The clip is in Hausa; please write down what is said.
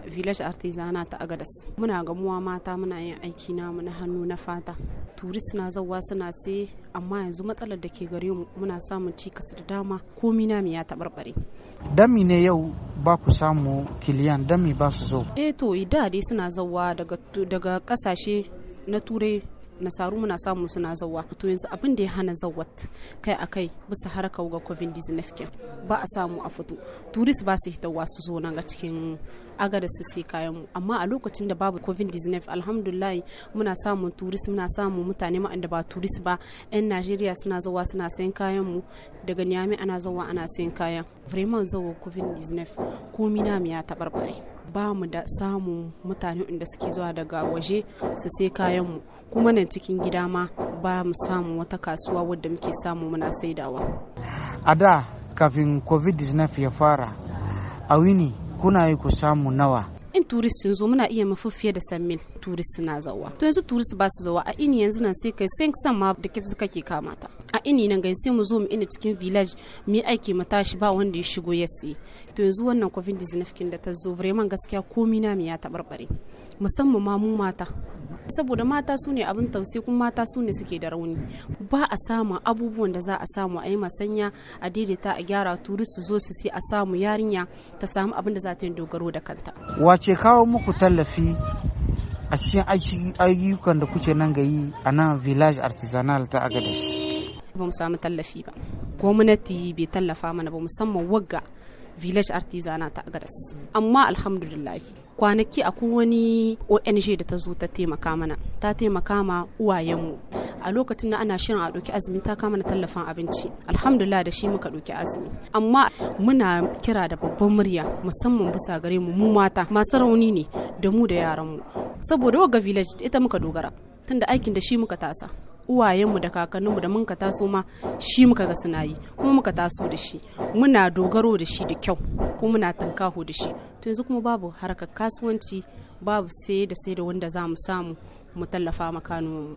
village artisana ta agadas muna gamuwa mata muna yin aiki namu na hannu na fata turist na zauwa suna sai amma yanzu matsalar da ke gare mu muna samun cikas da dama komi na ya taɓarɓare dami ne yau ba ku samu kiliyan dami ba su zo eh to da dai suna zauwa daga kasashe na turai nasaru muna samu suna zawa to yanzu abin da ya hana zawat kai a kai bisa harkar ga covid-19 ba a samu a fito turis ba su hita su zo nan ga cikin agada su sai kayan mu amma a lokacin da babu covid-19 alhamdulillah muna samun turis muna samun mutane ma'anda ba turis ba 'yan najeriya suna zawa suna sayan kayan mu daga niyami ana zawa ana sayan kayan vraiment zawo covid-19 komi na ya taɓarɓare ba mu da samun mutane inda suke zuwa daga waje su sai kayanmu kuma nan cikin gida ma ba mu samun wata kasuwa wadda muke samu muna saidawa a da kafin covid-19 ya fara a wini kuna yi ku samu nawa in turist sun zo muna iya mafi fiye da san mil turist na zawa to yanzu turist ba su zawa a ini yanzu nan sai kai sai san ma da kisa kake kamata a ini nan gaisai mu zo mu ina cikin village mu aiki mu tashi ba wanda ya shigo ya siye to yanzu wannan covid 19 da ta zo vraiment gaskiya komi na mu ya tabarbare musamman ma mu mata saboda mata su ne abin tausayi kuma mata su ne suke da rauni ba a samu abubuwan da za a samu a yi masanya a daidaita a gyara turu su zo su sai a samu yarinya ta samu abin da za ta yi dogaro da kanta wace kawo muku tallafi a cikin ayyukan da kuke nan gayi a nan village artisanal ta agadez ba mu samu tallafi ba gwamnati bai tallafa mana ba musamman wagga village artisana ta agadas amma alhamdulillah kwanaki akwai wani ong da ta zo ta taimaka mana ta taimaka ma uwayenmu a lokacin da ana shirin a ɗauki azumi ta kama na tallafin abinci alhamdulillah da shi muka ɗauki azumi amma muna kira da babban murya musamman bisa gare mu mu mata masu rauni ne da mu da yaranmu saboda waga village ita muka dogara tunda aikin da shi muka tasa uwayenmu da kakanninmu da mun ka taso ma shi muka ga suna yi kuma muka taso da shi muna dogaro da shi da kyau kuma muna tankaho da shi to yanzu kuma babu harkar kasuwanci babu sai da sai da wanda za mu samu mu tallafa makanu.